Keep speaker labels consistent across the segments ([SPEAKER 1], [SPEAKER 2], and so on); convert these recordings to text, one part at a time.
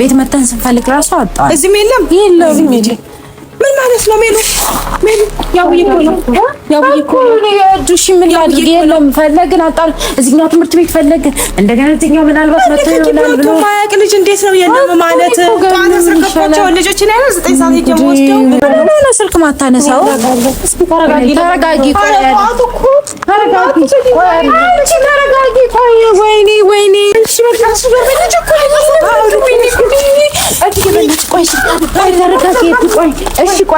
[SPEAKER 1] ቤት መተን ስንፈልግ ራሱ አጣ። እዚህም የለም የለም
[SPEAKER 2] ማለት ነው። ሜሉ ሜሉ ያውዬ ምን ያድርግ የለም ፈለግን አጣል እዚህኛው ትምህርት ቤት ፈለግን እንደገና እዚህኛው ምናልባት መጥቶ ይሆናል ብሎ ማያውቅ ልጅ እንዴት ነው የለም ማለት ጧት ስልካቸው ልጆች ላይ ነው ዘጠኝ ሰዓት ጀምሮ ወስደው ምን ነው ስልክ ማታነሳው? ተረጋጊ ተረጋጊ ተረጋጊ ቆይ ወይኔ ወይኔ እሺ በቃ እሺ በቃ ቆይ ቆይ ቆይ ቆይ ቆይ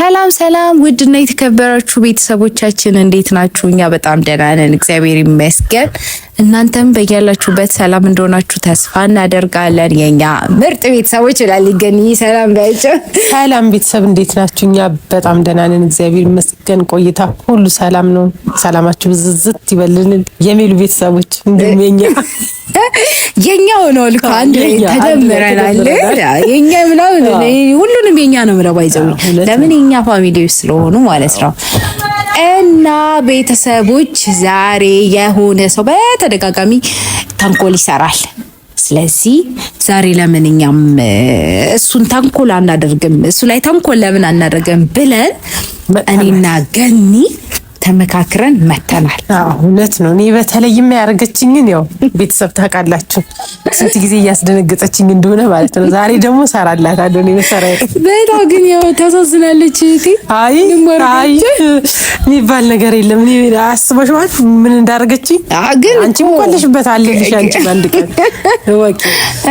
[SPEAKER 2] ሰላም ሰላም፣ ውድና የተከበራችሁ ቤተሰቦቻችን እንዴት ናችሁ? እኛ በጣም ደህና ነን፣ እግዚአብሔር ይመስገን። እናንተም በያላችሁበት ሰላም እንደሆናችሁ ተስፋ እናደርጋለን። የኛ ምርጥ ቤተሰቦች ይላል ገኒ። ሰላም ባያቸው።
[SPEAKER 1] ሰላም ቤተሰብ እንዴት ናችሁ? እኛ በጣም ደህና ነን፣ እግዚአብሔር ይመስገን። ቆይታ ሁሉ ሰላም ነው። ሰላማችሁ ብዝዝት ይበልልን የሚሉ ቤተሰቦች እንዲሁም የኛ
[SPEAKER 2] የኛ ሆኖ ልኮ አንድ ላይ ተደምረናል የኛ ምናምን ሁሉንም የኛ ነው ምለው ባይዘው ለምን የኛ ፋሚሊ ስለሆኑ ማለት ነው። እና ቤተሰቦች ዛሬ የሆነ ሰው በተደጋጋሚ ተንኮል ይሰራል። ስለዚህ ዛሬ ለምን እኛም እሱን ተንኮል አናደርግም፣ እሱ ላይ ተንኮል ለምን አናደርግም ብለን እኔና ገኒ ተመካክረን መተናል።
[SPEAKER 1] እውነት ነው። እኔ በተለይ ያደረገችኝን ያው ቤተሰብ ታውቃላችሁ፣ ስንት ጊዜ እያስደነገጠችኝ እንደሆነ ማለት ነው። ዛሬ ደግሞ ሰራላታለሁ። እኔ መሰራ
[SPEAKER 2] በጣም ግን ያው ታሳዝናለች። አይ አይ
[SPEAKER 1] የሚባል ነገር የለም። እኔ አስበሽ ማለት ምን እንዳደረገችኝ ግን አንቺ ሙቀልሽበት አለልሽ። አንቺ አንድ ቀን
[SPEAKER 2] ወቂ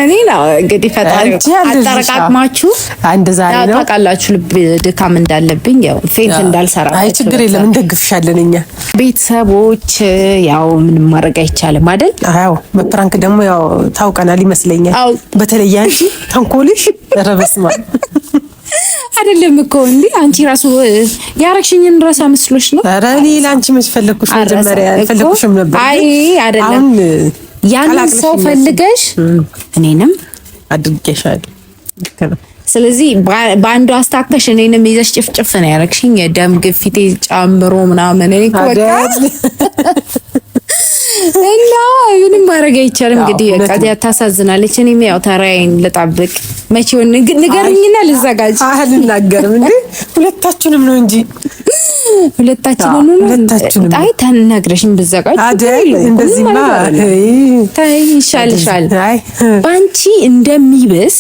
[SPEAKER 2] እኔ ነው እንግዲህ ፈጣሪ አጠረቃቅማችሁ አንድ ዛሬ ነው ታውቃላችሁ፣ ልብ ድካም እንዳለብኝ ያው ፌንት እንዳልሰራ።
[SPEAKER 1] አይ ችግር የለም እንደግፍሻለሁ እንወዳለን እኛ
[SPEAKER 2] ቤተሰቦች። ያው ምንም ማድረግ አይቻልም አይደል?
[SPEAKER 1] አዎ በፕራንክ ደግሞ ያው ታውቀናል ይመስለኛል። አዎ። በተለይ አንቺ ተንኮልሽ ረበስማ
[SPEAKER 2] አይደለም እኮ እንዴ አንቺ ራሱ ያረግሽኝን ረሳ መስሎሽ ነው?
[SPEAKER 1] ኧረ እኔ ለአንቺ መች ፈለግኩሽ? መጀመሪያ ፈለግኩሽም ነበር።
[SPEAKER 2] አይ አይደለም፣ ያንን ሰው ፈልገሽ እኔንም
[SPEAKER 1] አድርጌሻለሁ።
[SPEAKER 2] ልክ ነው። ስለዚህ በአንዱ አስታከሽ እኔንም ይዘሽ ጭፍጭፍ ነው ያደረግሽኝ። የደም ግፊቴ ጨምሮ ምናምን እኔ በቃ እና ምንም ማድረግ አይቻልም። እንግዲህ ቃዚያ ታሳዝናለች። እኔም ያው ታራዬን ልጣብቅ መቼውን ንገርኝና ልዘጋጅ።
[SPEAKER 1] አልናገርም እንዴ ሁለታችንም ነው እንጂ
[SPEAKER 2] ሁለታችንም
[SPEAKER 1] ሁለታችንም።
[SPEAKER 2] አይ ተናግረሽኝ ብዘጋጅ
[SPEAKER 1] አይደል? እንደዚህማ
[SPEAKER 2] ይሻልሻል። በአንቺ እንደሚብስ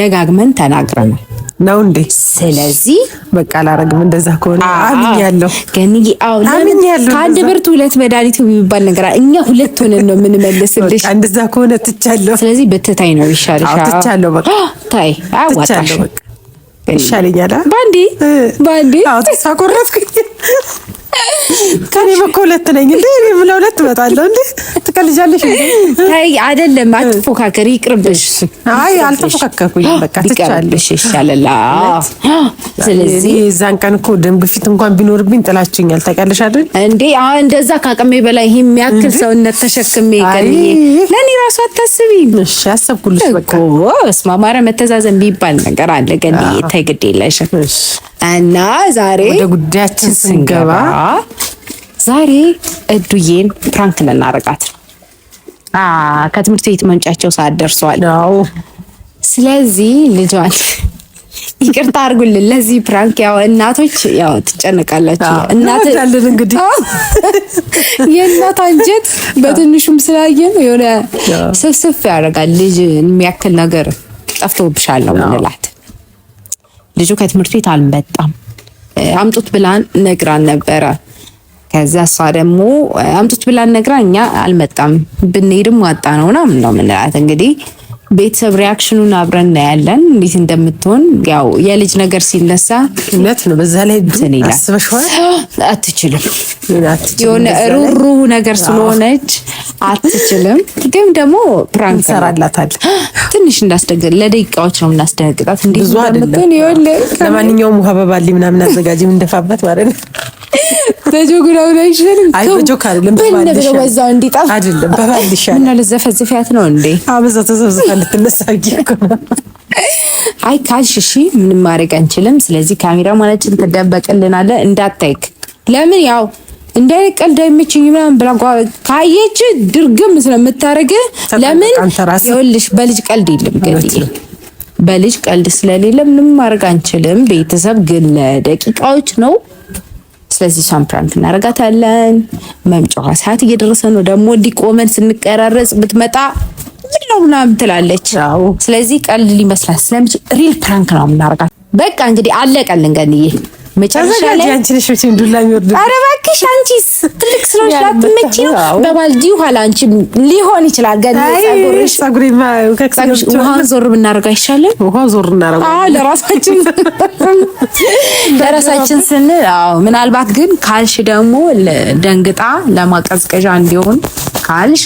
[SPEAKER 2] ደጋግመን ተናግረናል። ነው እንዴ? ስለዚህ
[SPEAKER 1] በቃ አላረግም። እንደዛ ከሆነ አምኛለሁ።
[SPEAKER 2] ገንጊ አው አምኛለሁ። ከአንድ ብርቱ ሁለት መድኃኒቱ የሚባል ነገር እኛ ሁለት ሆነን ነው የምንመልስልሽ።
[SPEAKER 1] እንደዛ ከሆነ ትቻለሁ።
[SPEAKER 2] ስለዚህ ብትታይ ነው ይሻልሻ። ትቻለሁ። በቃ ታይ አዋጣሽ ይሻለኛል። ባንዴ ባንዴ
[SPEAKER 1] አዎ ተሳቆረጥኩኝ ከኔ በኮ ሁለት ነኝ እንዴ? እኔ ብለ ሁለት እመጣለሁ እንዴ? ትቀልጃለሽ እንዴ?
[SPEAKER 2] አይ አይደለም፣ አትፎካከሪ፣ ይቅርብሽ።
[SPEAKER 1] አይ አልተፎካከርኩኝ፣ በቃ
[SPEAKER 2] ትቻለሽ፣ ይሻለላ። ስለዚህ
[SPEAKER 1] የዛን ቀን እኮ ደም ግፊት እንኳን ቢኖርብኝ ጥላችኛል፣ ታውቂያለሽ አይደል
[SPEAKER 2] እንዴ? አዎ፣ እንደዛ ካቅሜ በላይ ይሄ የሚያክል ሰውነት ተሸክሜ ይቀልኝ። ለኔ ራሱ አታስቢ። እሺ፣ አሰብኩልሽ። በቃ እኮ እስማማረ መተዛዘን ቢባል ነገር አለ። ገን ተግድ የለሽም እና ዛሬ
[SPEAKER 1] ወደ ጉዳያችን ስንገባ
[SPEAKER 2] ዛሬ እዱዬን ፕራንክ ልናረጋት ነው።
[SPEAKER 1] ከትምህርት ቤት መምጫቸው ሰዓት ደርሰዋል።
[SPEAKER 2] ስለዚህ ልጇን ይቅርታ አድርጉልን ለዚህ ፕራንክ። ያው እናቶች ያው ትጨነቃላችሁ።
[SPEAKER 1] እናት ያለን እንግዲህ
[SPEAKER 2] የእናት አንጀት በትንሹም ስላየን የሆነ ስፍስፍ ያደርጋል። ልጅ የሚያክል ነገር ጠፍቶብሻል ነው ምንላት ልጁ ከትምህርት ቤት አልመጣም አምጡት ብላን ነግራን ነበረ። ከዛ እሷ ደግሞ አምጡት ብላን ነግራን እኛ አልመጣም ብንሄድም ዋጣ ነውና ምነው ምንላት እንግዲህ ቤተሰብ ሪያክሽኑን አብረን እናያለን እንዴት እንደምትሆን። ያው የልጅ ነገር ሲነሳ
[SPEAKER 1] እውነት ነው። በዛ ላይ አስበሽዋል።
[SPEAKER 2] አትችልም፣ የሆነ ሩሩ ነገር ስለሆነች አትችልም። ግን ደግሞ ፕራንክ
[SPEAKER 1] ሰራላታል።
[SPEAKER 2] ትንሽ እንዳስደግ ለደቂቃዎች ነው እናስደነግጣት።
[SPEAKER 1] እንዴት ለማንኛውም ውሃ በባሊ ምናምን አዘጋጅ የምንደፋበት ማለት ነው
[SPEAKER 2] በጆግ ላይ ይሻል
[SPEAKER 1] አይ በጆክ አይደለም
[SPEAKER 2] በባልሽ በዛው እንዲጣፍ
[SPEAKER 1] አይደለም በባልሽ
[SPEAKER 2] እና ለዘፈዝፊያት ነው እንዴ
[SPEAKER 1] አበዛ ተዘፍዝፋ እንድትነሳ እኮ
[SPEAKER 2] አይ ካልሽ እሺ ምንም ማድረግ አንችልም ስለዚህ ካሜራ ማለችን ተደበቅልናለ እንዳታይክ ለምን ያው እንዳይቀ እንዳይመችኝ ምናምን ብላ ካየች ድርግም ስለምታረገ ለምን ይኸውልሽ በልጅ ቀልድ የለም ገድዬ በልጅ ቀልድ ስለሌለ ምንም ማድረግ አንችልም ቤተሰብ ግን ለደቂቃዎች ነው ስለዚህ እሷን ፕራንክ እናደርጋታለን። መምጫዋ ሰዓት እየደረሰ ነው። ደግሞ እንዲቆመን ስንቀራረጽ ብትመጣ ምንድነው ምናምን ትላለች። ስለዚህ ቀልድ ሊመስላት ስለምች ሪል ፕራንክ ነው የምናደርጋት። በቃ እንግዲህ አለቀልን ገንዬ መጨረሻ ላይ ዱላ የሚወርድ ኧረ እባክሽ አንቺስ ትልቅ ስለሆንሽ ላትመጪ ነው። ኋላ አንቺ ሊሆን ይችላል ገና
[SPEAKER 1] ጸጉርሽ ጸጉሪማ
[SPEAKER 2] ከክሰሽ ውሃን ዞር ብናደርግ አይሻልም?
[SPEAKER 1] ውሃ ዞር እናደርግ።
[SPEAKER 2] አዎ ለራሳችን ለራሳችን ስንል አዎ። ምናልባት ግን ካልሽ ደግሞ ደንግጣ ለማቀዝቀዣ እንዲሆን ካልሽ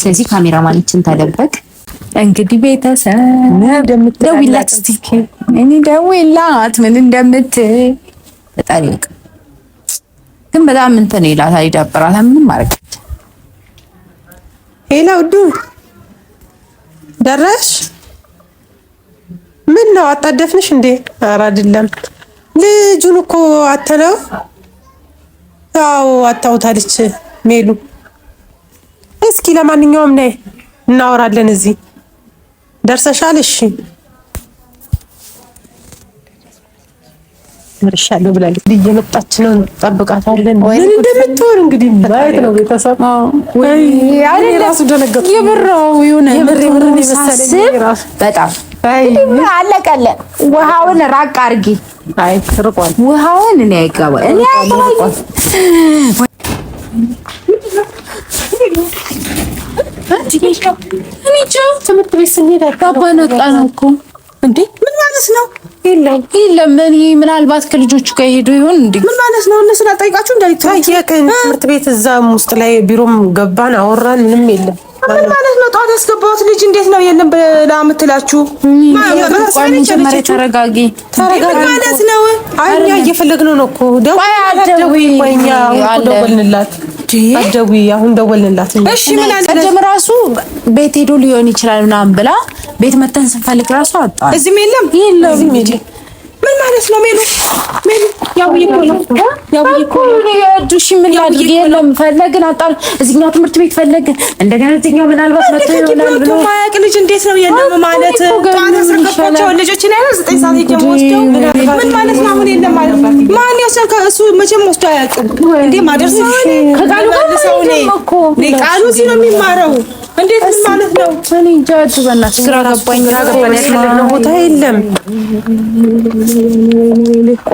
[SPEAKER 2] ስለዚህ ተደበቅ እንግዲህ ቤተሰብ ደውይላት እስቲ እኔ ደውይላት ምን እንደምትይ በጣም ይልቅ ግን በጣም እንትን ይላታል፣ ይዳብራታል። ምንም ማድረግ ሄሎ፣ ውዱ ደረሽ? ምን ነው አጣደፍንሽ እንዴ? ኧረ አይደለም፣ ልጁን እኮ አተለው። አዎ አታውታለች ሜሉ። እስኪ ለማንኛውም ነይ እናወራለን እዚህ ደርሰሻል? እሺ ደርሻለሁ ብላለች። እየመጣች ነው፣ እንጠብቃታለን። ምን እንደምትሆን እንግዲህ ማየት ነው። ቤተሰብ ራሱ ደነገጥኩ። የብረው የሆነ ሳስብ በጣም አለቀለን። ውሃውን ራቅ አድርጊ።
[SPEAKER 1] አይ ርቋል።
[SPEAKER 2] ውሃውን እኔ አይገባል እኔ ትምህርት ቤት ስንሄድ አባባን አጣ ነው እኮ እንዴ። ምን ማለት ነው? የለም የለም። እኔ ምናልባት ከልጆቹ ጋር ሄዶ ይሆን እንዴ? ምን ማለት ነው? እነሱን አጠይቃችሁ
[SPEAKER 1] ትምህርት ቤት እዛም ውስጥ ላይ ቢሮም ገባን፣ አወራን፣ ምንም የለም።
[SPEAKER 2] ምን ማለት ነው? ጠዋት ያስገባሁት ልጅ እንዴት ነው የለም ብላ የምትላችሁ? ተረጋጊ፣ ተረጋጊ ማለት ነው። አይ እኛ እየፈለግነው ነው እኮ ደውል፣
[SPEAKER 1] ደውል፣ ደውልንላት አትደውይ፣ አሁን ደወልንላት።
[SPEAKER 2] እሺ ምን አለ ቀደም ራሱ ቤት ሄዶ ሊሆን ይችላል ምናምን ብላ ቤት መተን ስንፈልግ ራሱ አጣ። እዚህም የለም የለም ምን ማለት ነው? ሜሉ ሜሉ ያውዬ እኮ ነው ያውዬ እኮ ነው እዱሽ ምን ላድርግ? የለም ፈለግን አጣን። እዚህኛው ትምህርት ቤት ፈለግን እንደገና እዚህኛው ምናልባት መጥቶ ይሆናል ብሎ ማያውቅ ልጅ እንዴት ነው የለም ማለት ጧት አስር ገባቸው ልጆች ላይ ነው ዘጠኝ ሰዓት ጀምሮ ወስደው ምን ማለት ነው? አሁን የለም ማለት ማን ያሰካ እሱ መቼም ወስዶ አያውቅም እንዴ ማደርስ ከጋሉ ጋር እዚህ ነው የሚማረው። እንዴት ማለት ነው? እኔ እንጃ። በእናትህ ግራ ገባኝ። ያለነው ቦታ የለም።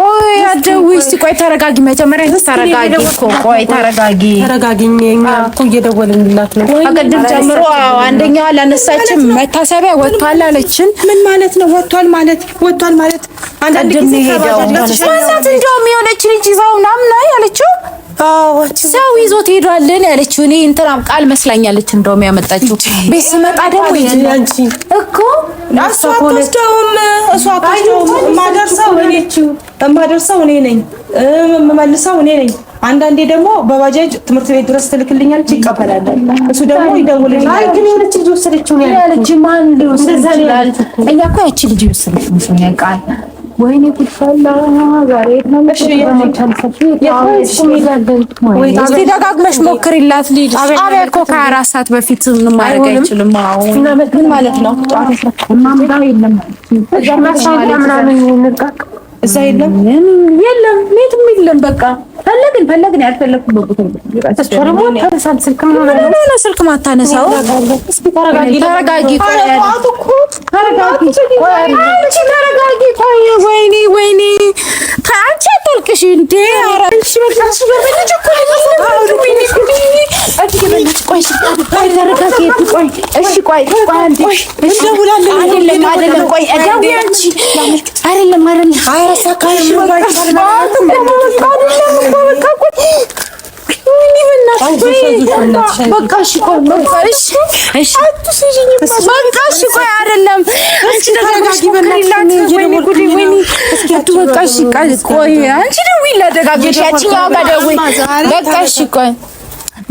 [SPEAKER 2] ቆይ አትደውይ እስኪ። ቆይ ተረጋጊ፣ መጀመሪያ ተረጋጊ እኮ። ቆይ ተረጋጊ፣ ተረጋጊ። እኛ እኮ እየደወልንላት ነው ከቅድም ጀምሮ። አንደኛዋ አላነሳችም። መታሰቢያ ወጥቷል አለችን። ምን ማለት ነው? ወጥቷል ማለት ወጥቷል ማለት አንዳንድ ጊዜ ሄደው ማለት እንደውም የሆነች ልጅ ይዛው ምናምን አይ አለችው ሰው ይዞት ሄዷልን ያለችው እኔ እንትናም ቃል መስላኛለች። እንደውም ያመጣችው ቤት ስመጣ ደግሞ ይላንቺ እኮ እሷ አትወስደውም። እሷ አትወስደውም። የማደርሰው እኔ የማደርሰው እኔ ነኝ፣ የምመልሰው እኔ ነኝ። አንዳንዴ ደግሞ በባጃጅ ትምህርት ቤት ድረስ ትልክልኛል፣ ይቀበላል። እሱ ደግሞ ይደውልልኛል። አይ ግን የሆነች ልጅ ወሰደችው ነው ያለችው። ማን ልጅ ወሰደችው? እኛ እኮ ያቺ ልጅ ወሰደችው መስሎኛል ቃል ወይኔ ጉድፈላ ዛሬ ደጋግመሽ ሞክሪላት። ጣቢያ እኮ ከአራት ሰዓት በፊት ማድረግ አይችልም። ምን ማለት ነው? እዛ የለም የትም የለም በቃ ፈለግን ፈለግን ያልፈለግኩ ስልክ ማታነሳው ተረጋጊ፣ ተረጋጊ። ቆይ ወይኔ ወይኔ አንቺ አታልቅሽ እንዴ! ቆይ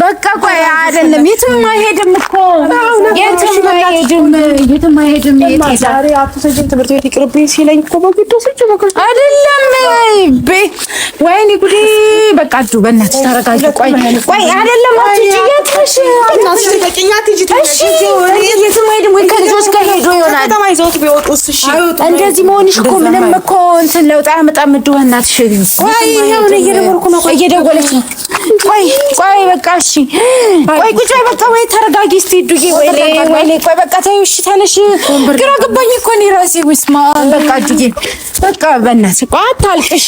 [SPEAKER 2] በቃ ቆይ፣ አይደለም የትም አይሄድም እኮ የትም አይሄድም፣ የትም አይሄድም። ዛሬ ትምህርት ቤት ይቅርብኝ ሲለኝ እኮ አይደለም። ወይኔ ጉዴ ተረጋጁ፣ በእናትሽ ተረጋጁ። ቆይ ቆይ አይደለም እንደዚህ መሆንሽ እኮ ምንም እኮ እንትን ለውጥ አያመጣም። በእናትሽ እየደወለች ነው። ቆይ ቆይ በቃ እሺ፣ ቆይ ቁጭ በይ በቃ ወይ ተረጋጊ እስቲ ወይ ወይኔ ቆይ በቃ ተይው፣ እሺ ተነሽ። ግራ ገባኝ እኮ እኔ ራሴ። ውስማ በቃ ዱዬ በቃ በእናትሽ አታልቅሽ።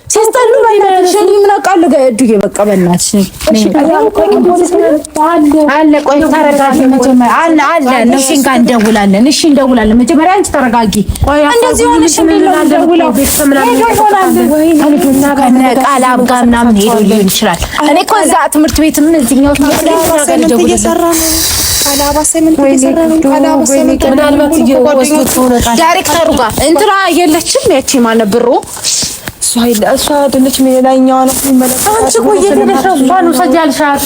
[SPEAKER 2] ሲያስጠሉ ባይናሸኝ ምን አውቃለሁ። ገዱ በቃ በእናትሽ አለ። ቆይ ተረጋጊ አለ አለ እንደውላለን። እሺ እንደውላለን። መጀመሪያ አንቺ ተረጋጊ። እንደዚህ ጋር ምናምን ሄዶ ሊሆን ይችላል። እኔ እኮ እዛ ትምህርት ቤትም እዚህኛው እየሰራ ዳይሬክተሩ ጋር እንትና የለችም ያቺ ማነ እሷ አይደለችም። የላይኛዋ ነው የሚመለከታት። አንቺ ቆይ ሄደሽ ባኑ ሰጃልሻት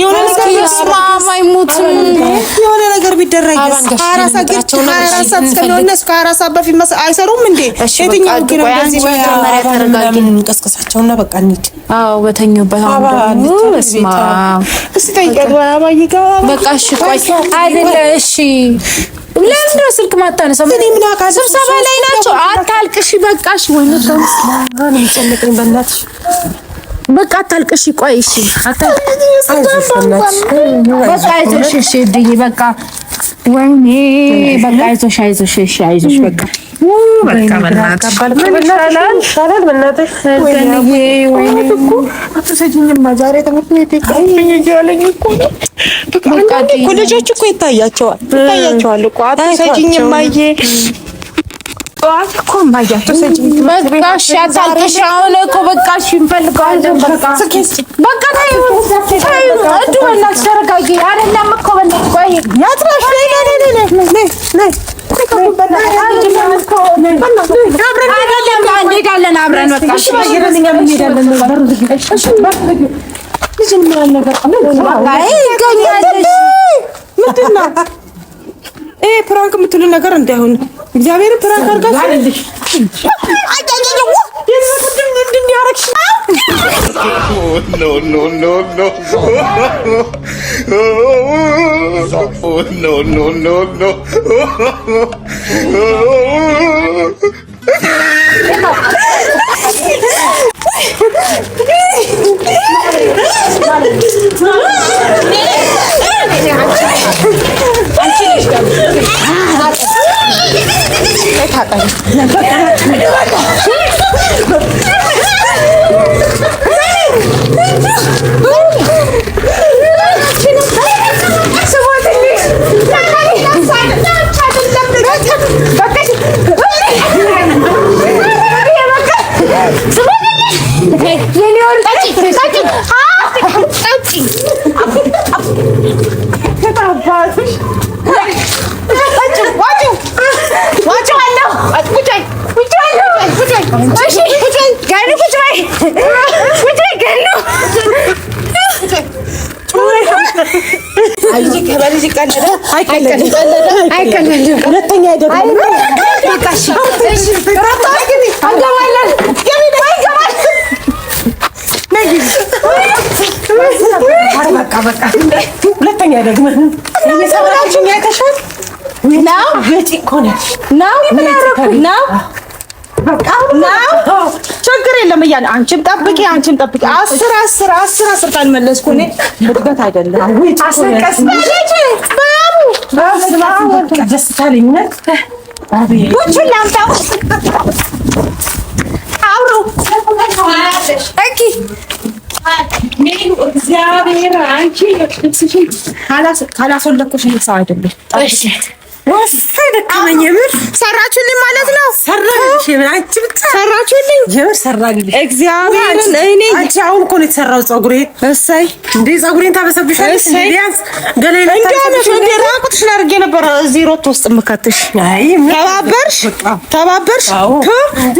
[SPEAKER 2] የሆነ ነገር የሆነ ነገር ቢደረግ በፊት አይሰሩም እንዴ? ቀስቀሳቸውና በቃ እንሂድ። አዎ በተኛሁበት ለምን ስልክ ማታነሳው? ስብሰባ ላይ ናቸው። አታልቅሽ፣ በቃሽ ወይ በቃ አታልቅሽ። ቆይ እሺ፣ አይዞሽ። እሺ እድዬ በቃ ወይኔ፣ በቃ አይዞሽ፣ አይዞሽ፣ እሺ፣ አይዞሽ። በቃ ልጆች እኮ ይታያቸዋል፣ ይታያቸዋል እኮ አትሰጂኝማ ጠዋት እኮ ማያቸው በቃሽ፣ አታልቅሽ። አሁን እኮ በቃ በቃ ተይው፣ ተይው። እንሄዳለን አብረን በቃ ይገኛለሽ። ምንድን ይሄ ፕራንክ የምትሉ ነገር እንዳይሆን እግዚአብሔር ፕራንክ አድርጋሽ አይደለም
[SPEAKER 3] 两个。
[SPEAKER 2] ሁለተኛ ደግመህ እየሰራችሁ ነው። ችግር የለም እያለ አንቺም ጠብቂ፣ አንቺም ጠብቂ። አስር አስር አስር አስር ካልመለስኩ እኔ እድገት አይደለም። እግዚአብሔር አንቺ ካላስወለኩሽ ሰው አይደለም። ወሳኝ ደከመኝ። የምር ሰራችሁልኝ ማለት ነው። ሰራችሁልኝ፣ አንቺ ብቻ ሰራችሁልኝ። የምር ሰራልኝ። እግዚአብሔርን እኔ አንቺ አሁን እኮ ነው የተሰራው ፀጉሬ። እሰይ እንዴ ፀጉሬን ታበሰብሻለሽ። ቢያንስ ገለይ ላይ ታበሰብሽ። እንዴ ራቁትሽን አድርጌ ነበር እዚህ ሮቶ ውስጥ የምከትሽ። አይ ተባበርሽ፣ ተባበርሽ።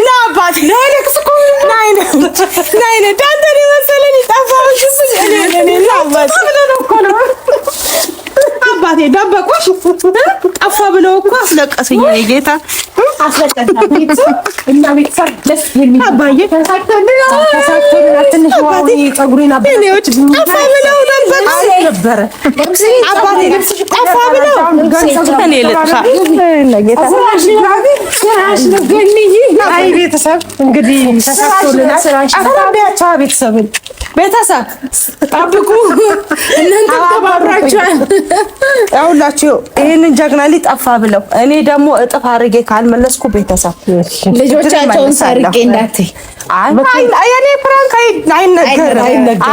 [SPEAKER 2] ና አባቴ ለለቅስ እኮ ናይ ናይ ዳንተ የመሰለ ጠፋሽ። እኔ እኔ ላ አባቴ እናቴ ደበቁሽ ጠፋ ብለው እኮ አስለቀሱኝ። ጌታ ቤተሰብ እንግዲህ ቤተሰብን ቤተሰብ ጠብቁ። እናንተ ተባብራችኋል። ያውላችሁ ይህንን ጀግና ጠፋ ብለው እኔ ደግሞ እጥፍ አድርጌ ካልመለስኩ ቤተሰብ ልጆቻቸውን ሰርቄ እንዳትይ። የኔ ፕራንክ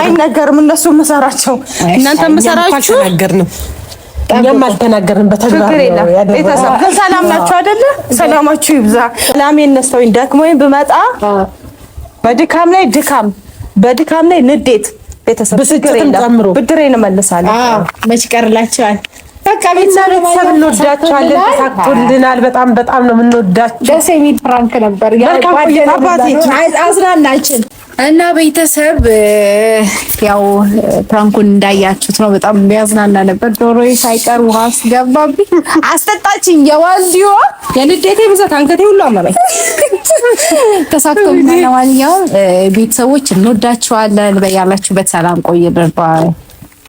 [SPEAKER 2] አይነገርም። እነሱ የምሰራቸው እናንተ የምሰራችሁ እኛም በተግባር ቤተሰብ ግን ሰላም ናችሁ አይደለ? ሰላማችሁ ይብዛ። ሰላሜን ነስተውኝ ደክሞኝ ብመጣ በድካም ላይ ድካም በድካም ላይ ንዴት ቤተሰብ ጨምሮ ብድሬን እመልሳለሁ። መች ቀርላቸዋል። በቃ ቤተሰብ እንወዳቸዋለን። ተሳክቶልናል። በጣም በጣም ነው የምንወዳቸው። ደስ የሚል ፕራንክ ነበር። አዝናናችን። እና ቤተሰብ ያው ፕራንኩን እንዳያችሁት ነው። በጣም የሚያዝናና ነበር። ዶሮዬ ሳይቀር ውሃ አስገባብኝ፣ አስጠጣችኝ። የዋልዲዮ የንዴቴ ብዛት አንገቴ ሁሉ አመመኝ። ተሳክቶልኛል። ለማንኛውም ቤተሰቦች እንወዳችኋለን። በያላችሁበት ሰላም ቆይ።